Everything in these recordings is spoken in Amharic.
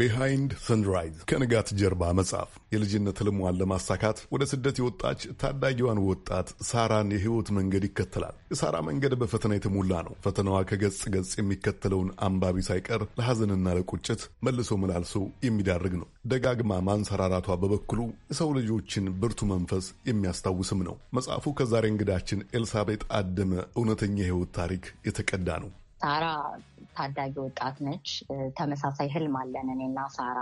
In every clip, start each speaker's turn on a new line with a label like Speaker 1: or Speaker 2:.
Speaker 1: ቢሃይንድ ሰንራይዝ ከንጋት ጀርባ መጽሐፍ የልጅነት ህልሟን ለማሳካት ወደ ስደት የወጣች ታዳጊዋን ወጣት ሳራን የህይወት መንገድ ይከተላል። የሳራ መንገድ በፈተና የተሞላ ነው። ፈተናዋ ከገጽ ገጽ የሚከተለውን አንባቢ ሳይቀር ለሐዘንና ለቁጭት መልሶ መላልሶ የሚዳርግ ነው። ደጋግማ ማንሰራራቷ በበኩሉ የሰው ልጆችን ብርቱ መንፈስ የሚያስታውስም ነው። መጽሐፉ ከዛሬ እንግዳችን ኤልሳቤጥ አደመ እውነተኛ የህይወት ታሪክ የተቀዳ ነው።
Speaker 2: ሳራ ታዳጊ ወጣት ነች። ተመሳሳይ ህልም አለን እኔና ሳራ።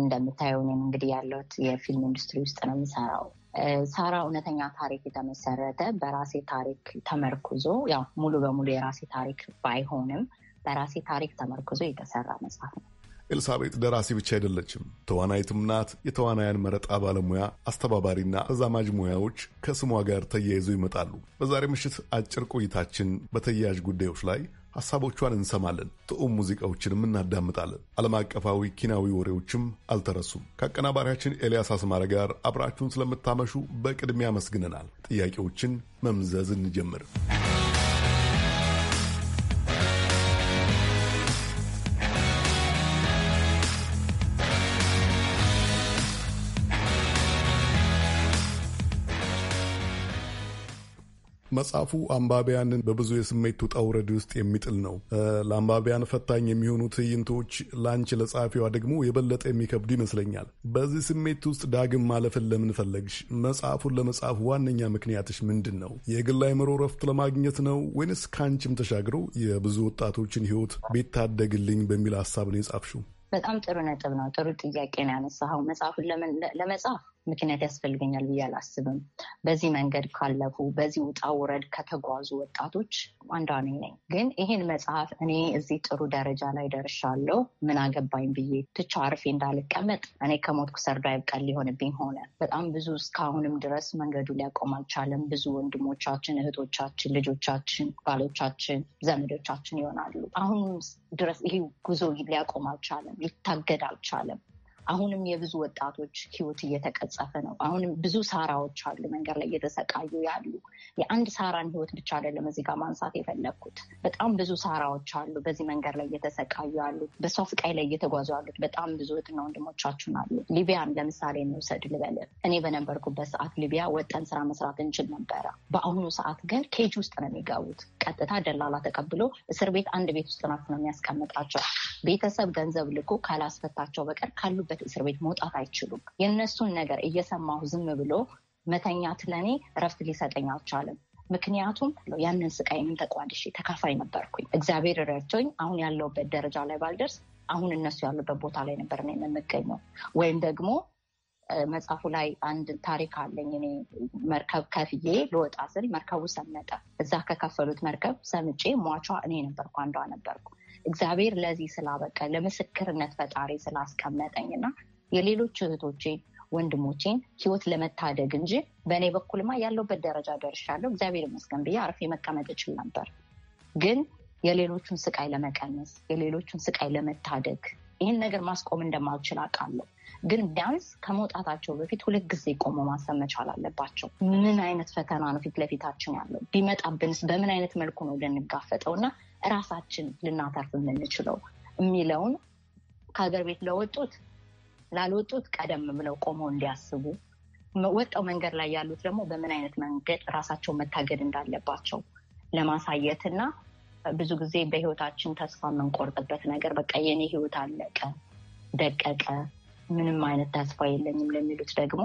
Speaker 2: እንደምታየው እኔም እንግዲህ ያለሁት የፊልም ኢንዱስትሪ ውስጥ ነው የሚሰራው። ሳራ እውነተኛ ታሪክ የተመሰረተ በራሴ ታሪክ ተመርኩዞ ያው ሙሉ በሙሉ የራሴ ታሪክ ባይሆንም በራሴ ታሪክ ተመርኩዞ የተሰራ መጽሐፍ ነው።
Speaker 1: ኤልሳቤጥ ደራሲ ብቻ አይደለችም፣ ተዋናይትም ናት። የተዋናያን መረጣ ባለሙያ፣ አስተባባሪና ተዛማጅ ሙያዎች ከስሟ ጋር ተያይዘው ይመጣሉ። በዛሬ ምሽት አጭር ቆይታችን በተያያዥ ጉዳዮች ላይ ሐሳቦቿን እንሰማለን። ጥዑም ሙዚቃዎችንም እናዳምጣለን። ዓለም አቀፋዊ ኪናዊ ወሬዎችም አልተረሱም። ከአቀናባሪያችን ኤልያስ አስማረ ጋር አብራችሁን ስለምታመሹ በቅድሚያ አመስግነናል። ጥያቄዎችን መምዘዝ እንጀምር። መጽሐፉ አንባቢያንን በብዙ የስሜት ውጣ ውረድ ውስጥ የሚጥል ነው። ለአንባቢያን ፈታኝ የሚሆኑ ትዕይንቶች ለአንቺ ለጸሐፊዋ ደግሞ የበለጠ የሚከብዱ ይመስለኛል። በዚህ ስሜት ውስጥ ዳግም ማለፍን ለምን ፈለግሽ? መጽሐፉን ለመጻፍ ዋነኛ ምክንያትሽ ምንድን ነው? የግል አእምሮ ረፍት ለማግኘት ነው ወይንስ ከአንቺም ተሻግሮ የብዙ ወጣቶችን ህይወት ቤታደግልኝ በሚል ሀሳብ ነው የጻፍሽው?
Speaker 2: በጣም ጥሩ ነጥብ ነው። ጥሩ ጥያቄ ነው ያነሳኸው። መጽሐፉን ለመጻፍ ምክንያት ያስፈልገኛል ብዬ አላስብም። በዚህ መንገድ ካለፉ፣ በዚህ ውጣ ውረድ ከተጓዙ ወጣቶች አንዷ ነኝ ግን ይህን መጽሐፍ እኔ እዚህ ጥሩ ደረጃ ላይ ደርሻለሁ ምን አገባኝ ብዬ ትቻ አርፌ እንዳልቀመጥ እኔ ከሞትኩ ሰርዶ አይብቀል ሊሆንብኝ ሆነ። በጣም ብዙ እስካሁንም ድረስ መንገዱ ሊያቆም አልቻለም። ብዙ ወንድሞቻችን፣ እህቶቻችን፣ ልጆቻችን፣ ባሎቻችን፣ ዘመዶቻችን ይሆናሉ። አሁን ድረስ ይህ ጉዞ ሊያቆም አልቻለም፣ ሊታገድ አልቻለም። አሁንም የብዙ ወጣቶች ህይወት እየተቀጸፈ ነው። አሁንም ብዙ ሳራዎች አሉ መንገድ ላይ እየተሰቃዩ ያሉ። የአንድ ሳራን ህይወት ብቻ አይደለም እዚህ ጋር ማንሳት የፈለግኩት። በጣም ብዙ ሳራዎች አሉ በዚህ መንገድ ላይ እየተሰቃዩ ያሉ፣ በሷ ስቃይ ላይ እየተጓዙ ያሉት በጣም ብዙ እህትና ወንድሞቻችን አሉ። ሊቢያን ለምሳሌ እንውሰድ ልበል። እኔ በነበርኩበት ሰዓት ሊቢያ ወጠን ስራ መስራት እንችል ነበረ። በአሁኑ ሰዓት ግን ኬጅ ውስጥ ነው የሚገቡት። ቀጥታ ደላላ ተቀብሎ እስር ቤት አንድ ቤት ውስጥ ናት ነው የሚያስቀምጣቸው። ቤተሰብ ገንዘብ ልኮ ካላስፈታቸው በቀር ካሉበት እስር ቤት መውጣት አይችሉም። የእነሱን ነገር እየሰማሁ ዝም ብሎ መተኛት ለእኔ እረፍት ሊሰጠኝ አልቻለም። ምክንያቱም ያንን ስቃይንም ተቋድሼ ተካፋይ ነበርኩኝ። እግዚአብሔር ረድቶኝ አሁን ያለውበት ደረጃ ላይ ባልደርስ አሁን እነሱ ያሉበት ቦታ ላይ ነበር ነው የምገኘው። ወይም ደግሞ መጽሐፉ ላይ አንድ ታሪክ አለኝ። እኔ መርከብ ከፍዬ ልወጣ ስል መርከቡ ሰመጠ። እዛ ከከፈሉት መርከብ ሰምጬ ሟቿ እኔ ነበርኩ፣ አንዷ ነበርኩ። እግዚአብሔር ለዚህ ስላበቀ ለምስክርነት ፈጣሪ ስላስቀመጠኝ እና የሌሎች እህቶቼን ወንድሞቼን ህይወት ለመታደግ እንጂ በእኔ በኩልማ ያለውበት ደረጃ ደርሻለሁ እግዚአብሔር ይመስገን ብዬ አርፌ መቀመጥ እችል ነበር። ግን የሌሎቹን ስቃይ ለመቀነስ የሌሎቹን ስቃይ ለመታደግ ይህን ነገር ማስቆም እንደማልችል አውቃለሁ። ግን ቢያንስ ከመውጣታቸው በፊት ሁለት ጊዜ ቆሞ ማሰብ መቻል አለባቸው። ምን አይነት ፈተና ነው ፊት ለፊታችን ያለው? ቢመጣብንስ በምን አይነት መልኩ ነው ልንጋፈጠው እና ራሳችን ልናተርፍ የምንችለው የሚለውን ከሀገር ቤት ለወጡት ላልወጡት ቀደም ብለው ቆመው እንዲያስቡ ወጣው መንገድ ላይ ያሉት ደግሞ በምን አይነት መንገድ ራሳቸው መታገድ እንዳለባቸው ለማሳየት እና ብዙ ጊዜ በህይወታችን ተስፋ የምንቆርጥበት ነገር በቃ የኔ ህይወት አለቀ፣ ደቀቀ፣ ምንም አይነት ተስፋ የለኝም ለሚሉት ደግሞ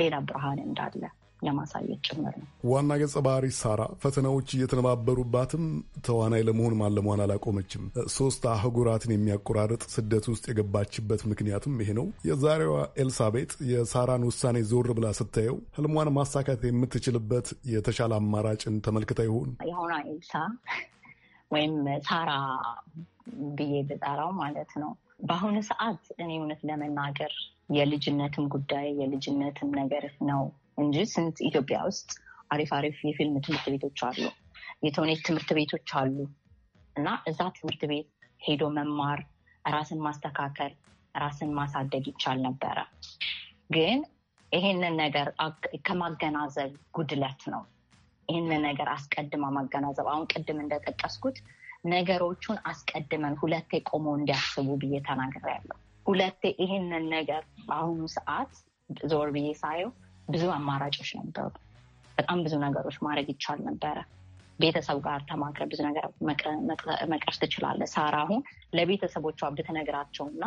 Speaker 2: ሌላ ብርሃን እንዳለ ለማሳየት ጭምር ነው።
Speaker 1: ዋና ገጸ ባህሪ ሳራ ፈተናዎች እየተነባበሩባትም ተዋናይ ለመሆን ማለሟን አላቆመችም። ሶስት አህጉራትን የሚያቆራርጥ ስደት ውስጥ የገባችበት ምክንያትም ይሄ ነው። የዛሬዋ ኤልሳቤጥ የሳራን ውሳኔ ዞር ብላ ስታየው ህልሟን ማሳካት የምትችልበት የተሻለ አማራጭን ተመልክታ ይሆን?
Speaker 2: የሆኗ ኤልሳ ወይም ሳራ ብዬ ብጠራው ማለት ነው። በአሁኑ ሰዓት እኔ እውነት ለመናገር የልጅነትም ጉዳይ የልጅነትም ነገር ነው እንጂ ስንት ኢትዮጵያ ውስጥ አሪፍ አሪፍ የፊልም ትምህርት ቤቶች አሉ፣ የተውኔት ትምህርት ቤቶች አሉ። እና እዛ ትምህርት ቤት ሄዶ መማር፣ ራስን ማስተካከል፣ ራስን ማሳደግ ይቻል ነበረ። ግን ይሄንን ነገር ከማገናዘብ ጉድለት ነው። ይህንን ነገር አስቀድማ ማገናዘብ አሁን ቅድም እንደጠቀስኩት ነገሮቹን አስቀድመን ሁለቴ ቆመው እንዲያስቡ ብዬ ተናግሬያለሁ። ሁለቴ ይህንን ነገር በአሁኑ ሰዓት ዞር ብዬ ሳየው ብዙ አማራጮች ነበሩ። በጣም ብዙ ነገሮች ማድረግ ይቻል ነበረ። ቤተሰብ ጋር ተማክረ ብዙ ነገር መቅረፍ ትችላለ። ሳራ አሁን ለቤተሰቦቿ ብትነግራቸው እና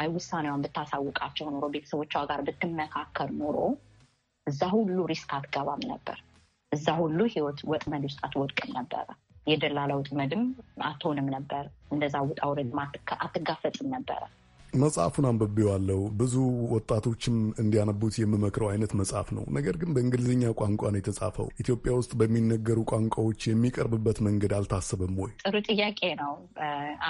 Speaker 2: አይ ውሳኔዋን ብታሳውቃቸው ኖሮ ቤተሰቦቿ ጋር ብትመካከር ኖሮ እዛ ሁሉ ሪስክ አትገባም ነበር። እዛ ሁሉ ህይወት ወጥመድ ውስጥ አትወድቅም ነበረ። የደላላ ውጥመድም አትሆንም ነበር። እንደዛ ውጣ ውረድ አትጋፈጥም ነበረ።
Speaker 1: መጽሐፉን አንብቤዋለሁ። ብዙ ወጣቶችም እንዲያነቡት የምመክረው አይነት መጽሐፍ ነው። ነገር ግን በእንግሊዝኛ ቋንቋ ነው የተጻፈው። ኢትዮጵያ ውስጥ በሚነገሩ ቋንቋዎች የሚቀርብበት መንገድ አልታሰበም ወይ?
Speaker 2: ጥሩ ጥያቄ ነው።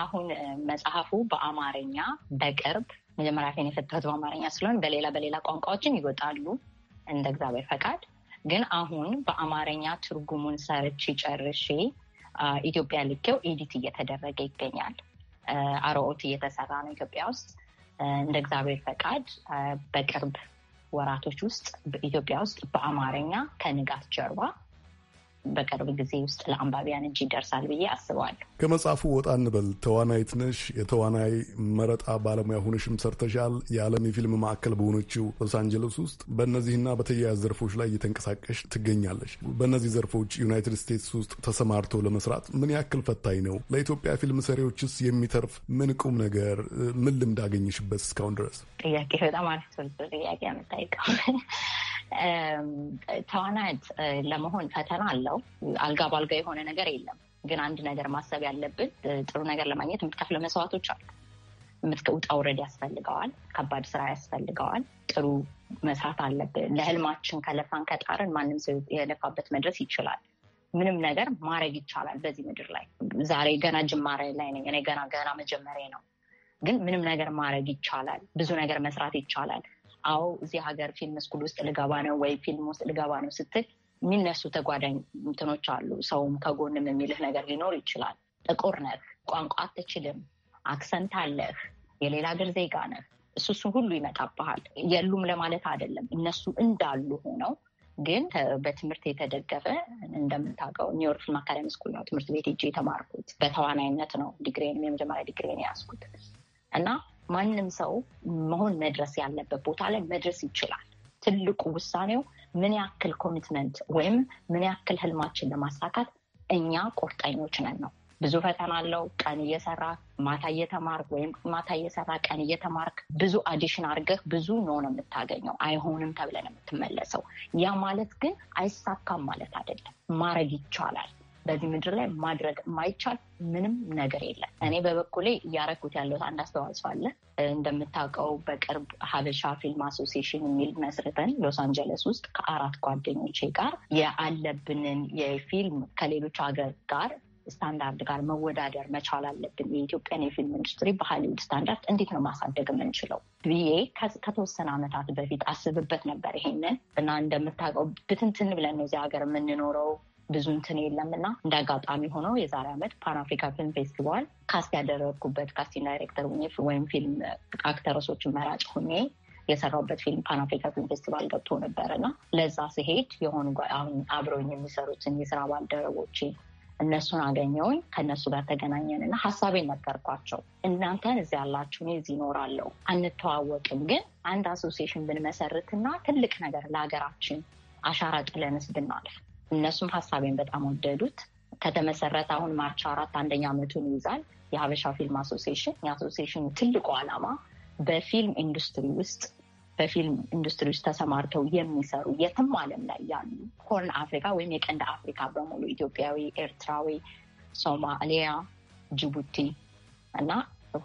Speaker 2: አሁን መጽሐፉ በአማርኛ በቅርብ መጀመሪያ ፌን የፈታሁት በአማርኛ ስለሆን በሌላ በሌላ ቋንቋዎችን ይወጣሉ እንደ እግዚአብሔር ፈቃድ። ግን አሁን በአማርኛ ትርጉሙን ሰርቼ ጨርሼ ኢትዮጵያ ልኬው ኤዲት እየተደረገ ይገኛል። አርኦት እየተሰራ ነው ኢትዮጵያ ውስጥ። እንደ እግዚአብሔር ፈቃድ በቅርብ ወራቶች ውስጥ ኢትዮጵያ ውስጥ በአማርኛ ከንጋት ጀርባ በቅርብ ጊዜ ውስጥ ለአንባቢያን እጅ ይደርሳል ብዬ አስበዋለሁ።
Speaker 1: ከመጽሐፉ ወጣ እንበል። ተዋናይት ነሽ፣ የተዋናይ መረጣ ባለሙያ ሆነሽም ሰርተሻል። የዓለም የፊልም ማዕከል በሆነችው ሎስ አንጀለስ ውስጥ በእነዚህና በተያያዝ ዘርፎች ላይ እየተንቀሳቀሽ ትገኛለች። በእነዚህ ዘርፎች ዩናይትድ ስቴትስ ውስጥ ተሰማርቶ ለመስራት ምን ያክል ፈታኝ ነው? ለኢትዮጵያ ፊልም ሰሪዎችስ የሚተርፍ ምን ቁም ነገር፣ ምን ልምድ አገኘሽበት እስካሁን ድረስ?
Speaker 2: ጥያቄ በጣም አሪፍ ጥያቄ ተዋናይት ለመሆን ፈተና አለው። አልጋ በአልጋ የሆነ ነገር የለም። ግን አንድ ነገር ማሰብ ያለብን ጥሩ ነገር ለማግኘት የምትከፍለ መስዋዕቶች አሉ። ውጣ ውረድ ያስፈልገዋል። ከባድ ስራ ያስፈልገዋል። ጥሩ መስራት አለብን። ለህልማችን ከለፋን ከጣርን ማንም ሰው የለፋበት መድረስ ይችላል። ምንም ነገር ማድረግ ይቻላል በዚህ ምድር ላይ። ዛሬ ገና ጅማሬ ላይ ነኝ እኔ ገና ገና መጀመሪያ ነው፣ ግን ምንም ነገር ማድረግ ይቻላል። ብዙ ነገር መስራት ይቻላል። አዎ እዚህ ሀገር ፊልም ስኩል ውስጥ ልገባ ነው ወይ ፊልም ውስጥ ልገባ ነው ስትል የሚነሱ ተጓዳኝ እንትኖች አሉ። ሰውም ከጎንም የሚልህ ነገር ሊኖር ይችላል። ጥቁር ነህ፣ ቋንቋ አትችልም፣ አክሰንት አለህ፣ የሌላ ሀገር ዜጋ ነህ። እሱ እሱ ሁሉ ይመጣብሃል። የሉም ለማለት አይደለም፣ እነሱ እንዳሉ ሆነው ግን በትምህርት የተደገፈ እንደምታውቀው ኒውዮርክ ፊልም አካዳሚ ስኩል ነው ትምህርት ቤት እጅ የተማርኩት። በተዋናይነት ነው ዲግሪ የመጀመሪያ ዲግሪ ያስኩት እና ማንም ሰው መሆን መድረስ ያለበት ቦታ ላይ መድረስ ይችላል። ትልቁ ውሳኔው ምን ያክል ኮሚትመንት ወይም ምን ያክል ህልማችን ለማሳካት እኛ ቁርጠኞች ነን ነው። ብዙ ፈተና አለው። ቀን እየሰራ ማታ እየተማርክ ወይም ማታ እየሰራ ቀን እየተማርክ ብዙ አዲሽን አድርገህ ብዙ ነው ነው የምታገኘው። አይሆንም ተብለን የምትመለሰው ያ ማለት ግን አይሳካም ማለት አይደለም። ማድረግ ይቻላል። በዚህ ምድር ላይ ማድረግ የማይቻል ምንም ነገር የለም። እኔ በበኩሌ እያረኩት ያለው አንድ አስተዋጽኦ አለ። እንደምታውቀው በቅርብ ሀበሻ ፊልም አሶሲሽን የሚል መስርተን ሎስ አንጀለስ ውስጥ ከአራት ጓደኞቼ ጋር የአለብንን የፊልም ከሌሎች ሀገር ጋር ስታንዳርድ ጋር መወዳደር መቻል አለብን። የኢትዮጵያን የፊልም ኢንዱስትሪ በሀሊውድ ስታንዳርድ እንዴት ነው ማሳደግ የምንችለው ብዬ ከተወሰነ ዓመታት በፊት አስብበት ነበር ይሄንን እና እንደምታውቀው ብትንትን ብለን ነው እዚህ ሀገር የምንኖረው። ብዙ እንትን የለም እና እንደ አጋጣሚ ሆነው የዛሬ ዓመት ፓን አፍሪካ ፊልም ፌስቲቫል ካስት ያደረግኩበት ካስቲንግ ዳይሬክተር ሆኜ ወይም ፊልም አክተረሶችን መራጭ ሆኜ የሰራሁበት ፊልም ፓን አፍሪካ ፊልም ፌስቲቫል ገብቶ ነበረ እና ለዛ ስሄድ የሆኑ አሁን አብረውኝ የሚሰሩትን የስራ ባልደረቦች እነሱን አገኘውኝ ከእነሱ ጋር ተገናኘን እና ሀሳቤን ነገርኳቸው። እናንተን እዚህ ያላችሁ እኔ እዚህ እኖራለሁ፣ አንተዋወቅም፣ ግን አንድ አሶሲሽን ብንመሰርትና ትልቅ ነገር ለሀገራችን አሻራ ጥለንስ ብናልፍ እነሱም ሀሳቤን በጣም ወደዱት። ከተመሰረተ አሁን ማርች አራት አንደኛ ዓመቱን ይይዛል። የሀበሻ ፊልም አሶሲሽን የአሶሲሽኑ ትልቁ ዓላማ በፊልም ኢንዱስትሪ ውስጥ በፊልም ኢንዱስትሪ ውስጥ ተሰማርተው የሚሰሩ የትም ዓለም ላይ ያሉ ሆርን አፍሪካ ወይም የቀንድ አፍሪካ በሙሉ ኢትዮጵያዊ፣ ኤርትራዊ፣ ሶማሊያ፣ ጅቡቲ እና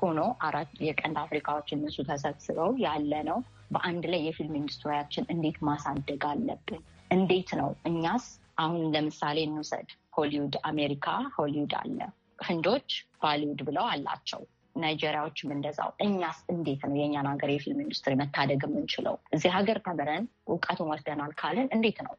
Speaker 2: ሆኖ አራት የቀንድ አፍሪካዎች እነሱ ተሰብስበው ያለ ነው በአንድ ላይ የፊልም ኢንዱስትሪያችን እንዴት ማሳደግ አለብን? እንዴት ነው እኛስ አሁን ለምሳሌ እንውሰድ ሆሊውድ አሜሪካ ሆሊውድ አለ። ህንዶች ባሊውድ ብለው አላቸው። ናይጄሪያዎችም እንደዛው። እኛስ እንዴት ነው የእኛን ሀገር የፊልም ኢንዱስትሪ መታደግ የምንችለው? እዚህ ሀገር ተምረን እውቀቱን ወስደናል ካለን እንዴት ነው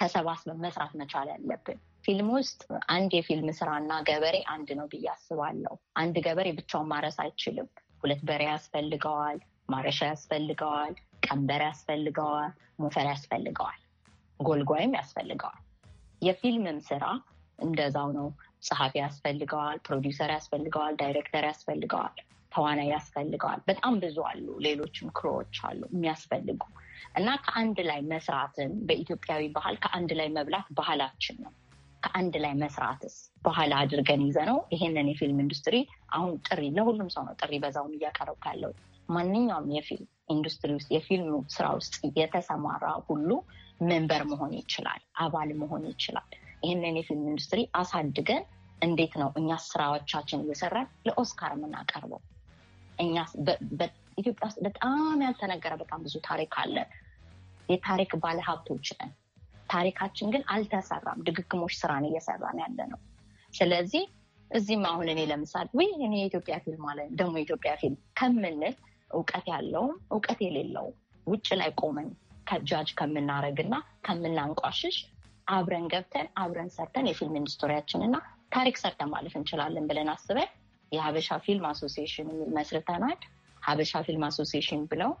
Speaker 2: ተሰባስበን መስራት መቻል ያለብን? ፊልም ውስጥ አንድ የፊልም ስራና ገበሬ አንድ ነው ብዬ አስባለሁ። አንድ ገበሬ ብቻውን ማረስ አይችልም። ሁለት በሬ ያስፈልገዋል፣ ማረሻ ያስፈልገዋል፣ ቀንበር ያስፈልገዋል፣ ሞፈር ያስፈልገዋል፣ ጎልጓይም ያስፈልገዋል። የፊልምም ስራ እንደዛው ነው። ጸሐፊ ያስፈልገዋል፣ ፕሮዲውሰር ያስፈልገዋል፣ ዳይሬክተር ያስፈልገዋል፣ ተዋናይ ያስፈልገዋል። በጣም ብዙ አሉ፣ ሌሎችም ክሮዎች አሉ የሚያስፈልጉ እና ከአንድ ላይ መስራትን በኢትዮጵያዊ ባህል ከአንድ ላይ መብላት ባህላችን ነው። ከአንድ ላይ መስራትስ ባህል አድርገን ይዘ ነው ይሄንን የፊልም ኢንዱስትሪ አሁን ጥሪ ለሁሉም ሰው ነው ጥሪ በዛውም እያቀረብ ካለው ማንኛውም የፊልም ኢንዱስትሪ ውስጥ የፊልም ስራ ውስጥ የተሰማራ ሁሉ መንበር መሆን ይችላል፣ አባል መሆን ይችላል። ይህንን የፊልም ኢንዱስትሪ አሳድገን እንዴት ነው እኛ ስራዎቻችን እየሰራን ለኦስካር የምናቀርበው? ኢትዮጵያ ውስጥ በጣም ያልተነገረ በጣም ብዙ ታሪክ አለ። የታሪክ ባለሀብቶች ነን። ታሪካችን ግን አልተሰራም። ድግግሞች ስራን እየሰራን ያለ ነው። ስለዚህ እዚህም አሁን እኔ ለምሳሌ ወይ እኔ የኢትዮጵያ ፊልም አለ ደግሞ የኢትዮጵያ ፊልም ከምንል እውቀት ያለውም እውቀት የሌለውም ውጭ ላይ ቆመን ከጃጅ ከምናረግና ከምናንቋሽሽ አብረን ገብተን አብረን ሰርተን የፊልም ኢንዱስትሪያችንና ታሪክ ሰርተን ማለፍ እንችላለን ብለን አስበን የሀበሻ ፊልም አሶሲሽን የሚል መስርተናል። ሀበሻ ፊልም አሶሲሽን ብለው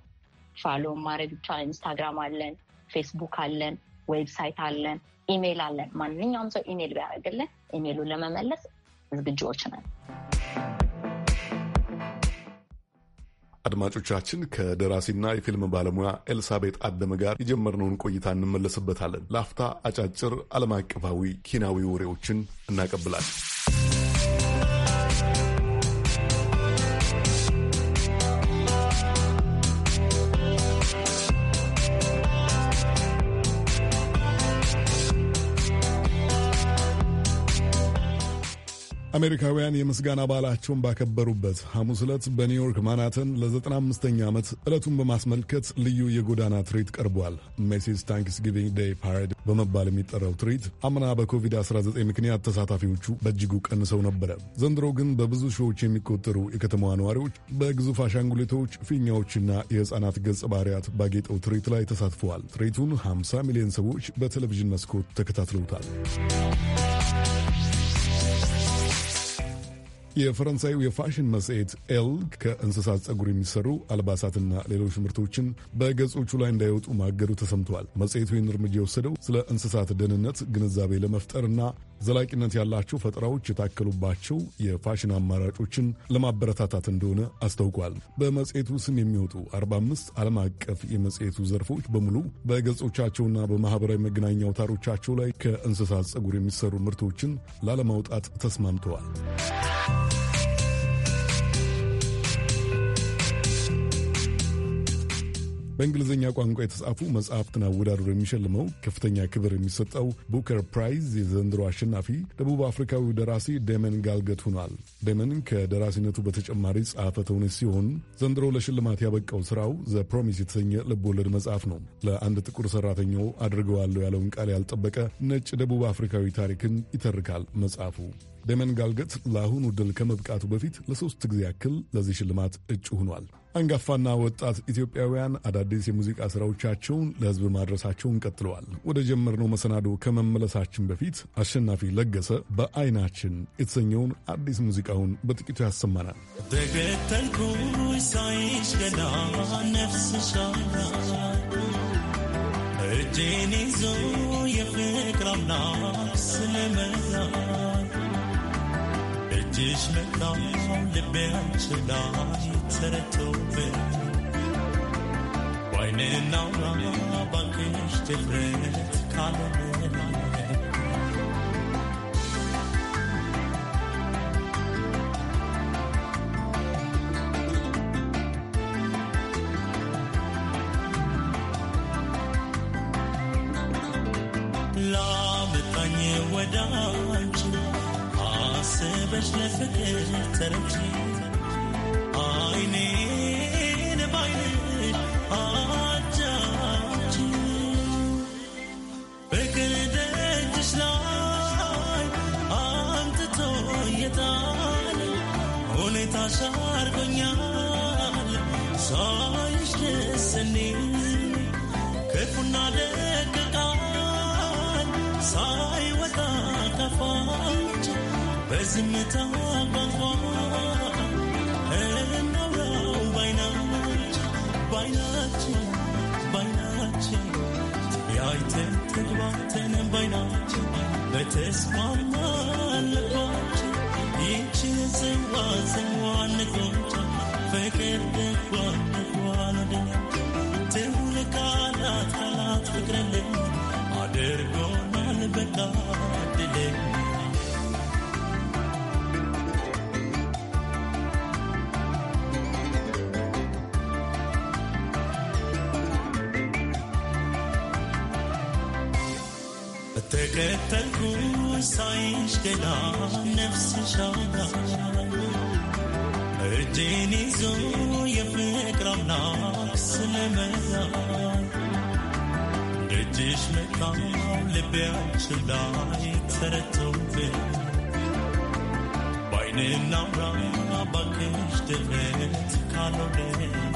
Speaker 2: ፋሎ ማድረግ ብቻ ኢንስታግራም አለን፣ ፌስቡክ አለን፣ ዌብሳይት አለን፣ ኢሜይል አለን። ማንኛውም ሰው ኢሜይል ቢያደርግልን ኢሜይሉን ለመመለስ ዝግጅዎች ነን።
Speaker 1: አድማጮቻችን ከደራሲና የፊልም ባለሙያ ኤልሳቤጥ አደመ ጋር የጀመርነውን ቆይታ እንመለስበታለን። ላፍታ አጫጭር ዓለም አቀፋዊ ኪናዊ ወሬዎችን እናቀብላለን። አሜሪካውያን የምስጋና በዓላቸውን ባከበሩበት ሐሙስ ዕለት በኒውዮርክ ማናተን ለ95ኛ ዓመት ዕለቱን በማስመልከት ልዩ የጎዳና ትርኢት ቀርቧል። ሜሲስ ጊቪንግ ዴይ ፓሬድ በመባል የሚጠራው ትርኢት አምና በኮቪድ-19 ምክንያት ተሳታፊዎቹ በእጅጉ ቀንሰው ነበረ። ዘንድሮ ግን በብዙ ሺዎች የሚቆጠሩ የከተማዋ ነዋሪዎች በግዙፍ አሻንጉሊቶች፣ ፊኛዎችና የሕፃናት ገጸ ባህሪያት ባጌጠው ትርኢት ላይ ተሳትፈዋል። ትርኢቱን 50 ሚሊዮን ሰዎች በቴሌቪዥን መስኮት ተከታትለውታል። የፈረንሳዩ የፋሽን መጽሔት ኤል ከእንስሳት ጸጉር የሚሰሩ አልባሳትና ሌሎች ምርቶችን በገጾቹ ላይ እንዳይወጡ ማገዱ ተሰምቷል። መጽሔቱ ይህን እርምጃ የወሰደው ስለ እንስሳት ደህንነት ግንዛቤ ለመፍጠርና ዘላቂነት ያላቸው ፈጠራዎች የታከሉባቸው የፋሽን አማራጮችን ለማበረታታት እንደሆነ አስታውቋል። በመጽሔቱ ስም የሚወጡ 45 ዓለም አቀፍ የመጽሔቱ ዘርፎች በሙሉ በገጾቻቸውና በማኅበራዊ መገናኛ አውታሮቻቸው ላይ ከእንስሳት ፀጉር የሚሰሩ ምርቶችን ላለማውጣት ተስማምተዋል። በእንግሊዝኛ ቋንቋ የተጻፉ መጽሐፍትን አወዳድሮ የሚሸልመው ከፍተኛ ክብር የሚሰጠው ቡከር ፕራይዝ የዘንድሮ አሸናፊ ደቡብ አፍሪካዊ ደራሲ ደመን ጋልገት ሆኗል። ደመን ከደራሲነቱ በተጨማሪ ጸሐፌ ተውኔት ሲሆን ዘንድሮ ለሽልማት ያበቃው ስራው ዘ ፕሮሚስ የተሰኘ ወለድ መጽሐፍ ነው። ለአንድ ጥቁር ሰራተኛው አድርገዋለሁ ያለውን ቃል ያልጠበቀ ነጭ ደቡብ አፍሪካዊ ታሪክን ይተርካል መጽሐፉ። ደመን ጋልገት ለአሁኑ ድል ከመብቃቱ በፊት ለሶስት ጊዜ ያክል ለዚህ ሽልማት እጩ ሆኗል። አንጋፋና ወጣት ኢትዮጵያውያን አዳዲስ የሙዚቃ ስራዎቻቸውን ለህዝብ ማድረሳቸውን ቀጥለዋል። ወደ ጀመርነው መሰናዶ ከመመለሳችን በፊት አሸናፊ ለገሰ በአይናችን የተሰኘውን አዲስ ሙዚቃውን በጥቂቱ ያሰማናል።
Speaker 3: ተገተልኩሽ ሳይሽ ገና እጄን ይዞ የፍቅር አምላክ ልጅሽ መጣው ልቤ አንቺን ላይ ተረቶበት ወይኔ ናውራ ባንክሽ ድፍረት ካለበት የዝምታ ቋንቋ እናውራው ባይናች ባይናችን ባይናችን ጥላ ነፍስ ሻጋ እጄን ይዞ የፍቅር አምላክ ስለመዛ ደጅሽ ልቤያችን ላይ ተረቶብን ባይንና ብራ ባክሽ ድፍረት ካልሆነ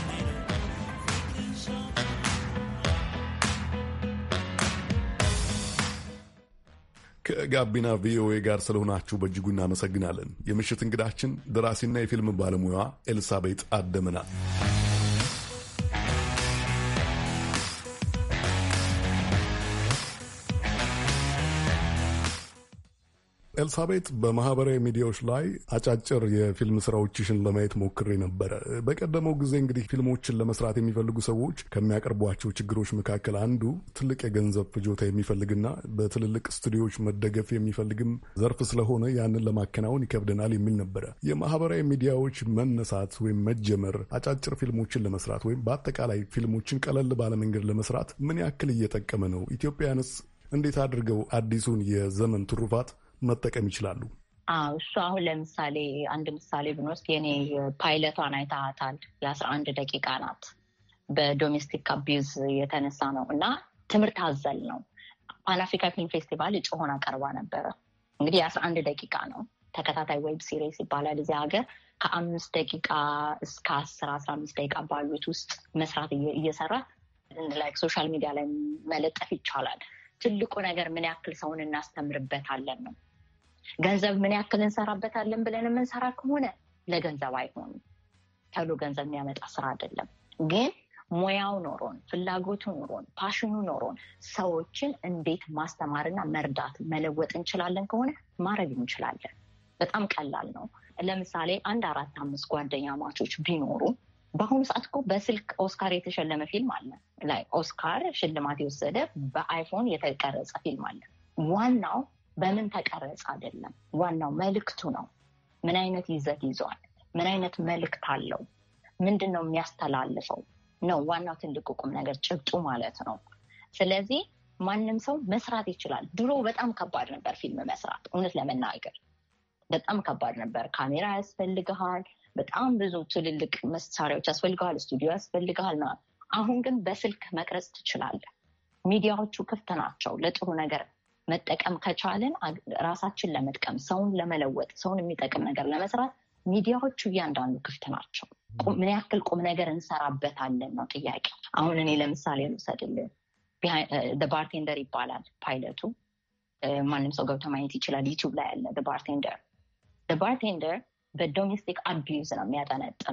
Speaker 1: ከጋቢና ቪኦኤ ጋር ስለሆናችሁ በእጅጉ እናመሰግናለን። የምሽት እንግዳችን ደራሲና የፊልም ባለሙያዋ ኤልሳቤጥ አደመናል። ኤልሳቤጥ፣ በማህበራዊ ሚዲያዎች ላይ አጫጭር የፊልም ስራዎችሽን ለማየት ሞክሬ ነበረ። በቀደመው ጊዜ እንግዲህ ፊልሞችን ለመስራት የሚፈልጉ ሰዎች ከሚያቀርቧቸው ችግሮች መካከል አንዱ ትልቅ የገንዘብ ፍጆታ የሚፈልግና በትልልቅ ስቱዲዮዎች መደገፍ የሚፈልግም ዘርፍ ስለሆነ ያንን ለማከናወን ይከብደናል የሚል ነበረ። የማህበራዊ ሚዲያዎች መነሳት ወይም መጀመር አጫጭር ፊልሞችን ለመስራት ወይም በአጠቃላይ ፊልሞችን ቀለል ባለ መንገድ ለመስራት ምን ያክል እየጠቀመ ነው? ኢትዮጵያንስ እንዴት አድርገው አዲሱን የዘመን ትሩፋት መጠቀም ይችላሉ?
Speaker 2: እሱ አሁን ለምሳሌ አንድ ምሳሌ ብንወስድ የኔ ፓይለቷን አይታታል። የአስራ አንድ ደቂቃ ናት። በዶሜስቲክ አቢዩዝ የተነሳ ነው እና ትምህርት አዘል ነው። ፓን አፍሪካ ፊልም ፌስቲቫል እጩ ሆና ቀርባ ነበረ። እንግዲህ የአስራ አንድ ደቂቃ ነው ተከታታይ ዌብ ሲሪስ ይባላል እዚህ ሀገር ከአምስት ደቂቃ እስከ አስር አስራ አምስት ደቂቃ ባሉት ውስጥ መስራት እየሰራ ላይክ ሶሻል ሚዲያ ላይ መለጠፍ ይቻላል። ትልቁ ነገር ምን ያክል ሰውን እናስተምርበታለን ነው ገንዘብ ምን ያክል እንሰራበታለን ብለን የምንሰራ ከሆነ ለገንዘብ አይሆንም። ተብሎ ገንዘብ የሚያመጣ ስራ አይደለም። ግን ሙያው ኖሮን፣ ፍላጎቱ ኖሮን፣ ፓሽኑ ኖሮን ሰዎችን እንዴት ማስተማርና መርዳት መለወጥ እንችላለን ከሆነ ማድረግ እንችላለን። በጣም ቀላል ነው። ለምሳሌ አንድ አራት አምስት ጓደኛ ማቾች ቢኖሩ በአሁኑ ሰዓት እኮ በስልክ ኦስካር የተሸለመ ፊልም አለ። ላይ ኦስካር ሽልማት የወሰደ በአይፎን የተቀረጸ ፊልም አለ። ዋናው በምን ተቀረጽ አይደለም። ዋናው መልእክቱ ነው። ምን አይነት ይዘት ይዟል? ምን አይነት መልእክት አለው? ምንድን ነው የሚያስተላልፈው? ነው ዋናው ትልቅ ቁም ነገር ጭብጡ ማለት ነው። ስለዚህ ማንም ሰው መስራት ይችላል። ድሮ በጣም ከባድ ነበር ፊልም መስራት፣ እውነት ለመናገር በጣም ከባድ ነበር። ካሜራ ያስፈልግሃል፣ በጣም ብዙ ትልልቅ መሳሪያዎች ያስፈልግሃል፣ ስቱዲዮ ያስፈልግሃል ና አሁን ግን በስልክ መቅረጽ ትችላለህ። ሚዲያዎቹ ክፍት ናቸው ለጥሩ ነገር መጠቀም ከቻልን ራሳችን ለመጥቀም ሰውን ለመለወጥ ሰውን የሚጠቅም ነገር ለመስራት ሚዲያዎቹ እያንዳንዱ ክፍት ናቸው። ምን ያክል ቁም ነገር እንሰራበታለን ነው ጥያቄ። አሁን እኔ ለምሳሌ ልውሰድልህ፣ ባርቴንደር ይባላል ፓይለቱ። ማንም ሰው ገብቶ ማየት ይችላል። ዩቲዩብ ላይ ያለ ባርቴንደር። ባርቴንደር በዶሜስቲክ አቢዩዝ ነው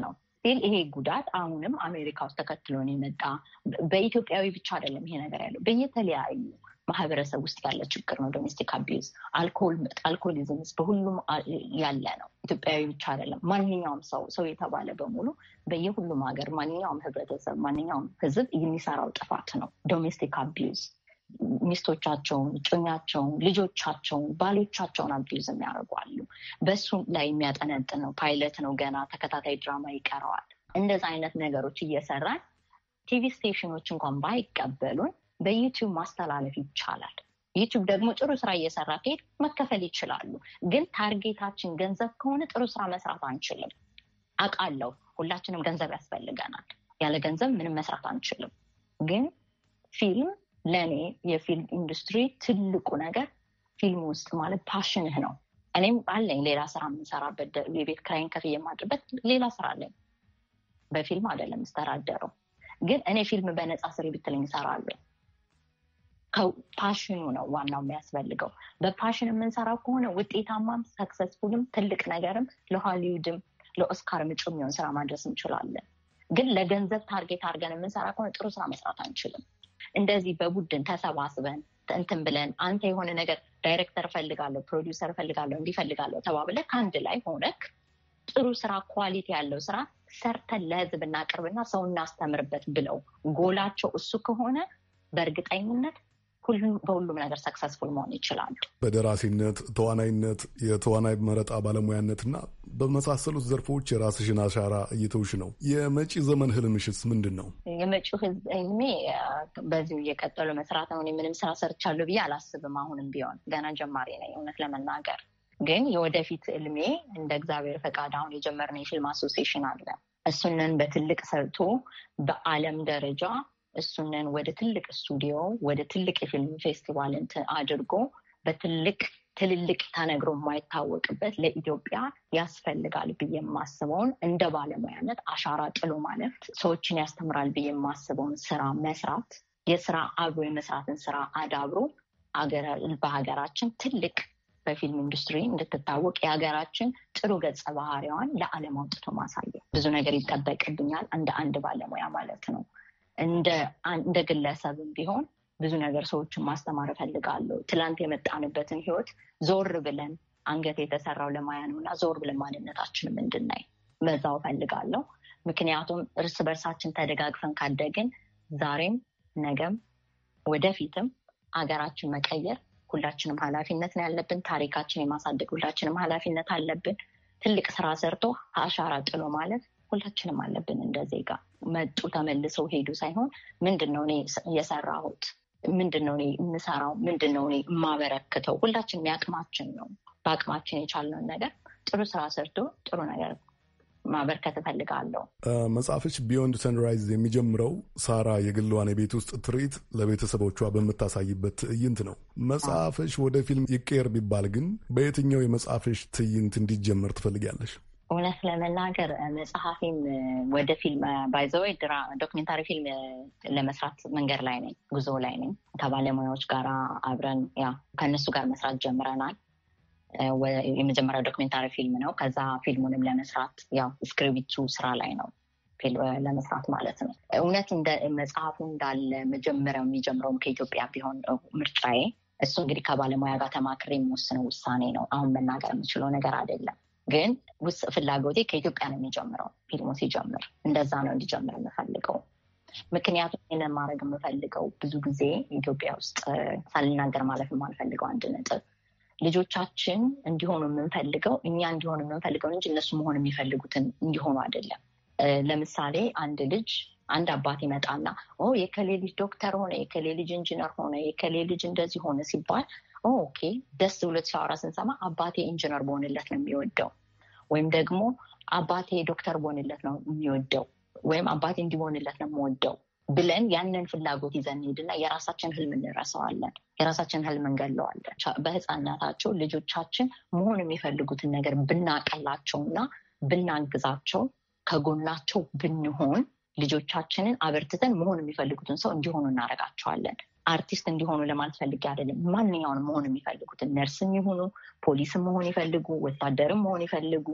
Speaker 2: ነው ስቲል ይሄ ጉዳት አሁንም አሜሪካ ውስጥ ተከትሎን የመጣ በኢትዮጵያዊ ብቻ አይደለም ይሄ ነገር ያለው በየተለያዩ ማህበረሰብ ውስጥ ያለ ችግር ነው። ዶሜስቲክ አቢዩዝ አልኮሆሊዝም በሁሉም ያለ ነው። ኢትዮጵያዊ ብቻ አይደለም። ማንኛውም ሰው ሰው የተባለ በሙሉ በየሁሉም ሀገር ማንኛውም ህብረተሰብ፣ ማንኛውም ህዝብ የሚሰራው ጥፋት ነው ዶሜስቲክ አቢዩዝ ሚስቶቻቸውን፣ እጮኛቸውን፣ ልጆቻቸውን፣ ባሎቻቸውን አቢዩዝ የሚያደርጓሉ። በሱ ላይ የሚያጠነጥን ነው። ፓይለት ነው ገና ተከታታይ ድራማ ይቀረዋል። እንደዛ አይነት ነገሮች እየሰራን ቲቪ ስቴሽኖች እንኳን ባይቀበሉን በዩቲዩብ ማስተላለፍ ይቻላል። ዩቲዩብ ደግሞ ጥሩ ስራ እየሰራ ከሄድ መከፈል ይችላሉ። ግን ታርጌታችን ገንዘብ ከሆነ ጥሩ ስራ መስራት አንችልም። አውቃለሁ፣ ሁላችንም ገንዘብ ያስፈልገናል። ያለ ገንዘብ ምንም መስራት አንችልም። ግን ፊልም ለእኔ የፊልም ኢንዱስትሪ ትልቁ ነገር ፊልም ውስጥ ማለት ፓሽንህ ነው። እኔም አለኝ ሌላ ስራ የምንሰራበት የቤት ክራይን ከፍ የማድርበት ሌላ ስራ አለኝ። በፊልም አይደለም የምስተዳደረው። ግን እኔ ፊልም በነፃ ስሪ ብትለኝ እሰራለሁ። ፓሽኑ ነው ዋናው የሚያስፈልገው። በፓሽን የምንሰራው ከሆነ ውጤታማም፣ ሰክሰስፉልም ትልቅ ነገርም ለሆሊውድም ለኦስካርም እጩ የሚሆን ስራ ማድረስ እንችላለን። ግን ለገንዘብ ታርጌት አድርገን የምንሰራ ከሆነ ጥሩ ስራ መስራት አንችልም። እንደዚህ በቡድን ተሰባስበን እንትን ብለን አንተ የሆነ ነገር ዳይሬክተር እፈልጋለሁ፣ ፕሮዲውሰር እፈልጋለሁ፣ እንዲፈልጋለሁ ተባብለ ከአንድ ላይ ሆነክ ጥሩ ስራ ኳሊቲ ያለው ስራ ሰርተን ለህዝብ እናቅርብና ሰው እናስተምርበት ብለው ጎላቸው እሱ ከሆነ በእርግጠኝነት ሁሉም በሁሉም ነገር ሰክሰስፉል መሆን ይችላሉ።
Speaker 1: በደራሲነት፣ ተዋናይነት፣ የተዋናይ መረጣ ባለሙያነትና በመሳሰሉት ዘርፎች የራስሽን አሻራ እየተውሽ ነው። የመጪ ዘመን ህልምሽስ ምንድን ነው?
Speaker 2: የመጪው ህልሜ በዚሁ እየቀጠሉ መስራት ነው። ምንም ስራ ሰርቻለሁ ብዬ አላስብም። አሁንም ቢሆን ገና ጀማሪ ነኝ እውነት ለመናገር ግን የወደፊት እልሜ እንደ እግዚአብሔር ፈቃድ አሁን የጀመርነው የፊልም አሶሲሽን አለ። እሱንን በትልቅ ሰርቶ በዓለም ደረጃ እሱንን ወደ ትልቅ ስቱዲዮ ወደ ትልቅ የፊልም ፌስቲቫል እንትን አድርጎ በትልቅ ትልልቅ ተነግሮ የማይታወቅበት ለኢትዮጵያ ያስፈልጋል ብዬ የማስበውን እንደ ባለሙያነት አሻራ ጥሎ ማለፍ ሰዎችን ያስተምራል ብዬ የማስበውን ስራ መስራት የስራ አብሮ የመስራትን ስራ አዳብሮ በሀገራችን ትልቅ በፊልም ኢንዱስትሪ እንድትታወቅ የሀገራችን ጥሩ ገጸ ባህሪዋን ለዓለም አውጥቶ ማሳየ ብዙ ነገር ይጠበቅብኛል እንደ አንድ ባለሙያ ማለት ነው። እንደ ግለሰብም ቢሆን ብዙ ነገር ሰዎችን ማስተማር እፈልጋለሁ። ትላንት የመጣንበትን ህይወት ዞር ብለን አንገት የተሰራው ለማያ ነው እና ዞር ብለን ማንነታችን እንድናይ መዛው እፈልጋለሁ። ምክንያቱም እርስ በርሳችን ተደጋግፈን ካደግን ዛሬም፣ ነገም፣ ወደፊትም አገራችን መቀየር ሁላችንም ኃላፊነት ነው ያለብን። ታሪካችን የማሳደግ ሁላችንም ኃላፊነት አለብን። ትልቅ ስራ ሰርቶ አሻራ ጥሎ ማለት ሁላችንም አለብን እንደ ዜጋ። መጡ ተመልሰው ሄዱ ሳይሆን ምንድን ነው እኔ የሰራሁት ምንድን ነው እኔ የምሰራው ምንድን ነው እኔ የማበረክተው ሁላችን የሚያቅማችን ነው በአቅማችን የቻልነውን ነገር ጥሩ ስራ ሰርቶ ጥሩ ነገር ማበርከት እፈልጋለሁ።
Speaker 1: መጽሐፍች ቢዮንድ ሰንራይዝ የሚጀምረው ሳራ የግሏን የቤት ውስጥ ትርኢት ለቤተሰቦቿ በምታሳይበት ትዕይንት ነው። መጽሐፍች ወደ ፊልም ይቀየር ቢባል ግን በየትኛው የመጽሐፍሽ ትዕይንት እንዲጀምር ትፈልጊያለሽ?
Speaker 2: እውነት ለመናገር መጽሐፊም ወደ ፊልም ባይዘወይ ዶክሜንታሪ ፊልም ለመስራት መንገድ ላይ ነኝ፣ ጉዞ ላይ ነኝ። ከባለሙያዎች ጋር አብረን ያ ከእነሱ ጋር መስራት ጀምረናል። የመጀመሪያው ዶክሜንታሪ ፊልም ነው። ከዛ ፊልሙንም ለመስራት ያው እስክሪቢቹ ስራ ላይ ነው ለመስራት ማለት ነው። እውነት መጽሐፉ እንዳለ መጀመሪያው የሚጀምረውም ከኢትዮጵያ ቢሆን ምርጫዬ እሱ እንግዲህ ከባለሙያ ጋር ተማክሬ የሚወስነው ውሳኔ ነው። አሁን መናገር የምችለው ነገር አይደለም። ግን ውስጥ ፍላጎቴ ከኢትዮጵያ ነው የሚጀምረው። ፊልሙ ሲጀምር እንደዛ ነው እንዲጀምር የምፈልገው። ምክንያቱም ይህንን ማድረግ የምፈልገው ብዙ ጊዜ ኢትዮጵያ ውስጥ ሳልናገር ማለፍ የማልፈልገው አንድ ነጥብ ልጆቻችን እንዲሆኑ የምንፈልገው እኛ እንዲሆኑ የምንፈልገው እንጂ እነሱ መሆን የሚፈልጉትን እንዲሆኑ አይደለም። ለምሳሌ አንድ ልጅ አንድ አባት ይመጣና የከሌ ልጅ ዶክተር ሆነ፣ የከሌ ልጅ ኢንጂነር ሆነ፣ የከሌ ልጅ እንደዚህ ሆነ ሲባል ኦኬ ደስ ብሎት ሲያወራ ስንሰማ አባቴ ኢንጂነር በሆንለት ነው የሚወደው ወይም ደግሞ አባቴ ዶክተር በሆንለት ነው የሚወደው ወይም አባቴ እንዲሆንለት ነው የምወደው ብለን ያንን ፍላጎት ይዘን ሄድና የራሳችን ህልም እንረሰዋለን። የራሳችን ህልም እንገለዋለን። በህፃናታቸው ልጆቻችን መሆን የሚፈልጉትን ነገር ብናቀላቸውና ብናግዛቸው፣ ከጎናቸው ብንሆን ልጆቻችንን አበርትተን መሆን የሚፈልጉትን ሰው እንዲሆኑ እናደርጋቸዋለን። አርቲስት እንዲሆኑ ለማለት ፈልጌ አይደለም። ማንኛውን መሆን የሚፈልጉትን ነርስም ይሁኑ ፖሊስም መሆን ይፈልጉ፣ ወታደርም መሆን ይፈልጉ፣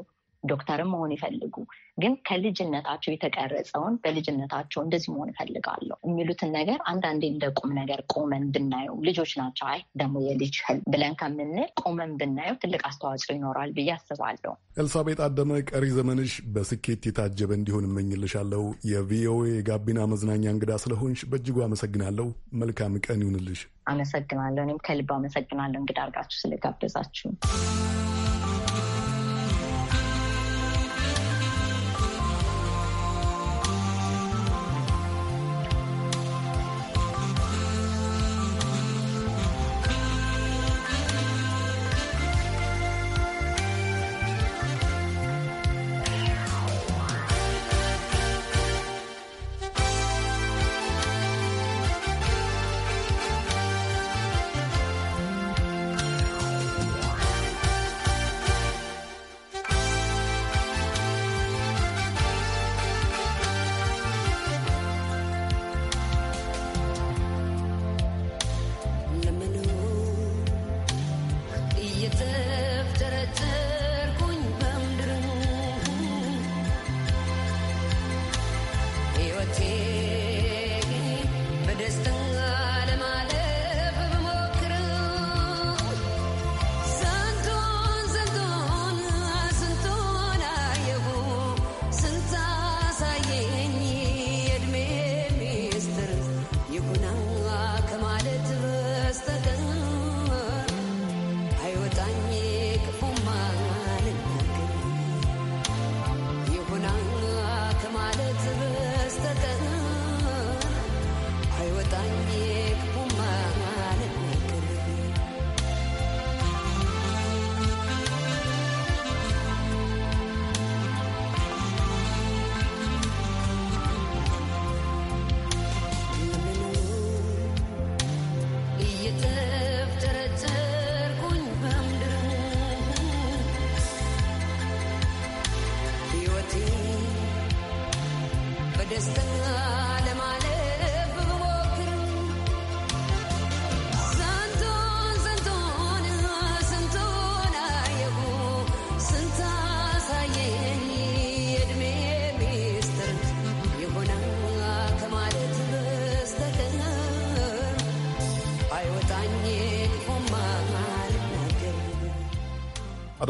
Speaker 2: ዶክተርም መሆን ይፈልጉ ግን ከልጅነታቸው የተቀረጸውን በልጅነታቸው እንደዚህ መሆን ይፈልጋለሁ የሚሉትን ነገር አንዳንዴ እንደ ቁም ነገር ቆመን ብናየው ልጆች ናቸው፣ አይ ደግሞ የልጅ ህልም ብለን ከምንል ቆመን ብናየው ትልቅ አስተዋጽኦ ይኖራል ብዬ አስባለሁ።
Speaker 1: ኤልሳቤጥ አደመ፣ ቀሪ ዘመንሽ በስኬት የታጀበ እንዲሆን እመኝልሻለሁ። የቪኦኤ የጋቢና መዝናኛ እንግዳ ስለሆንሽ በእጅጉ አመሰግናለሁ። መልካም ቀን ይሁንልሽ።
Speaker 2: አመሰግናለሁ። እኔም ከልብ አመሰግናለሁ እንግዳ አድርጋችሁ ስለጋበዛችሁ።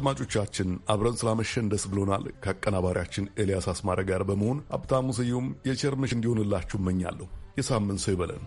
Speaker 1: አድማጮቻችን አብረን ስላመሸን ደስ ብሎናል። ከአቀናባሪያችን ኤልያስ አስማረ ጋር በመሆን ሀብታሙ ስዩም የቸርምሽ እንዲሆንላችሁ እመኛለሁ። የሳምንት ሰው ይበለን።